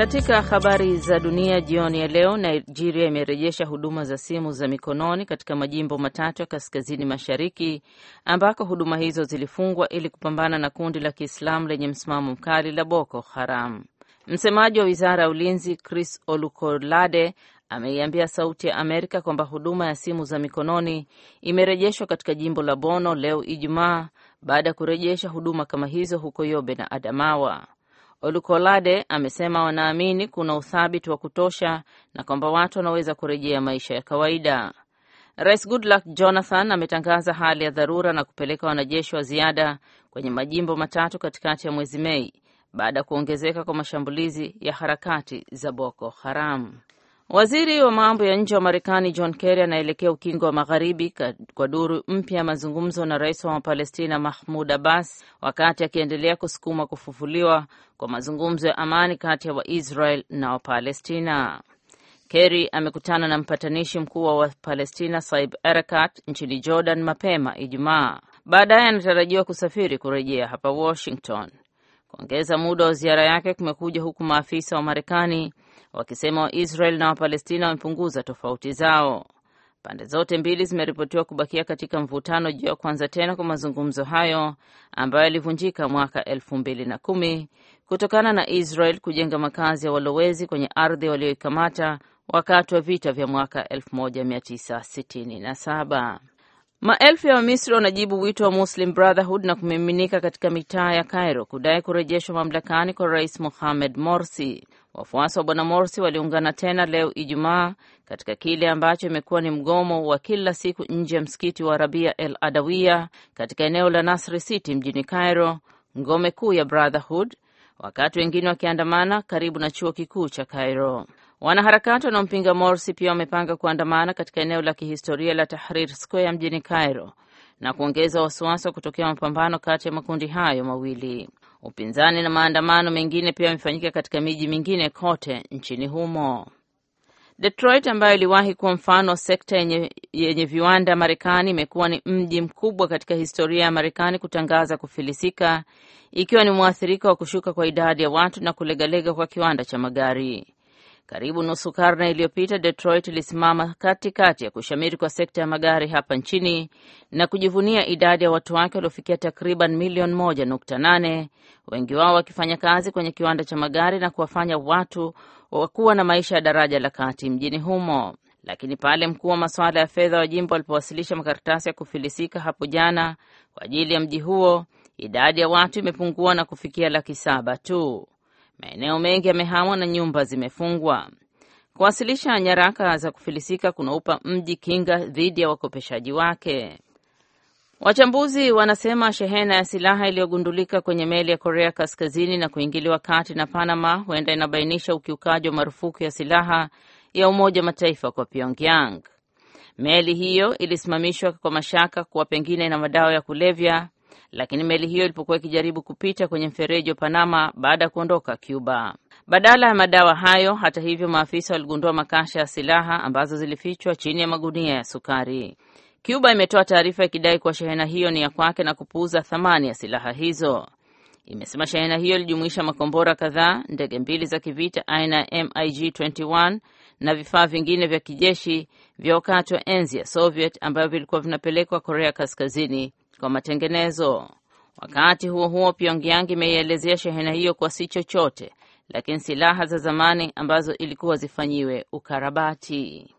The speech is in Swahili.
Katika habari za dunia jioni ya leo, Nigeria imerejesha huduma za simu za mikononi katika majimbo matatu ya kaskazini mashariki ambako huduma hizo zilifungwa ili kupambana na kundi la Kiislamu lenye msimamo mkali la Boko Haram. Msemaji wa wizara ya ulinzi Chris Olukolade ameiambia Sauti ya Amerika kwamba huduma ya simu za mikononi imerejeshwa katika jimbo la Bono leo Ijumaa, baada ya kurejesha huduma kama hizo huko Yobe na Adamawa. Olukolade amesema wanaamini kuna uthabiti wa kutosha na kwamba watu wanaweza kurejea maisha ya kawaida. Rais Goodluck Jonathan ametangaza hali ya dharura na kupeleka wanajeshi wa ziada kwenye majimbo matatu katikati ya mwezi Mei baada ya kuongezeka kwa mashambulizi ya harakati za Boko Haram. Waziri wa mambo ya nje wa Marekani John Kerry anaelekea ukingo wa magharibi kwa duru mpya ya mazungumzo na rais wa Palestina Mahmud Abbas, wakati akiendelea kusukuma kufufuliwa kwa mazungumzo ya amani kati ya Waisrael na Wapalestina. Kerry amekutana na mpatanishi mkuu wa Wapalestina Saib Erekat nchini Jordan mapema Ijumaa. Baadaye anatarajiwa kusafiri kurejea hapa Washington. Kuongeza muda wa ziara yake kumekuja huku maafisa wa Marekani wakisema Waisrael na Wapalestina wamepunguza tofauti zao. Pande zote mbili zimeripotiwa kubakia katika mvutano juu ya kuanza tena kwa mazungumzo hayo ambayo yalivunjika mwaka elfu mbili na kumi kutokana na Israel kujenga makazi ya walowezi kwenye ardhi walioikamata wakati wa vita vya mwaka 1967. Maelfu ya Wamisri wanajibu wito wa Muslim Brotherhood na kumiminika katika mitaa ya Cairo kudai kurejeshwa mamlakani kwa Rais Mohamed Morsi. Wafuasi wa Bwana Morsi waliungana tena leo Ijumaa katika kile ambacho imekuwa ni mgomo wa kila siku nje ya msikiti wa Rabia El Adawiya katika eneo la Nasri City mjini Cairo, ngome kuu ya Brotherhood wakati wengine wakiandamana karibu na chuo kikuu cha Cairo. Wanaharakati wanaompinga Morsi pia wamepanga kuandamana katika eneo la kihistoria la Tahrir Square mjini Cairo na kuongeza wasiwasi wa kutokea mapambano kati ya makundi hayo mawili. Upinzani na maandamano mengine pia yamefanyika katika miji mingine kote nchini humo. Detroit ambayo iliwahi kuwa mfano wa sekta yenye, yenye viwanda Marekani imekuwa ni mji mkubwa katika historia ya Marekani kutangaza kufilisika, ikiwa ni mwathirika wa kushuka kwa idadi ya watu na kulegalega kwa kiwanda cha magari. Karibu nusu karne iliyopita, Detroit ilisimama katikati ya kushamiri kwa sekta ya magari hapa nchini na kujivunia idadi ya watu wake waliofikia takriban milioni moja wengi wao wakifanya kazi kwenye kiwanda cha magari na kuwafanya watu wakuwa na maisha ya daraja la kati mjini humo. Lakini pale mkuu wa masuala ya fedha wa jimbo alipowasilisha makaratasi ya kufilisika hapo jana kwa ajili ya mji huo, idadi ya watu imepungua na kufikia laki saba tu. Maeneo mengi yamehamwa na nyumba zimefungwa. Kuwasilisha nyaraka za kufilisika kunaupa mji kinga dhidi ya wakopeshaji wake. Wachambuzi wanasema shehena ya silaha iliyogundulika kwenye meli ya Korea Kaskazini na kuingiliwa kati na Panama huenda inabainisha ukiukaji wa marufuku ya silaha ya Umoja wa Mataifa kwa Pyongyang. Meli hiyo ilisimamishwa kwa mashaka kuwa pengine na madawa ya kulevya lakini meli hiyo ilipokuwa ikijaribu kupita kwenye mfereji wa Panama baada ya kuondoka Cuba. Badala ya madawa hayo, hata hivyo, maafisa waligundua makasha ya silaha ambazo zilifichwa chini ya magunia ya sukari. Cuba imetoa taarifa ikidai kuwa shehena hiyo ni ya kwake na kupuuza thamani ya silaha hizo. Imesema shehena hiyo ilijumuisha makombora kadhaa, ndege mbili za kivita aina ya MiG-21 na vifaa vingine vya kijeshi vya wakati wa enzi ya Soviet ambavyo vilikuwa vinapelekwa Korea Kaskazini kwa matengenezo. Wakati huo huo, Pyongyang imeielezea shehena hiyo kwa si chochote lakini silaha za zamani ambazo ilikuwa zifanyiwe ukarabati.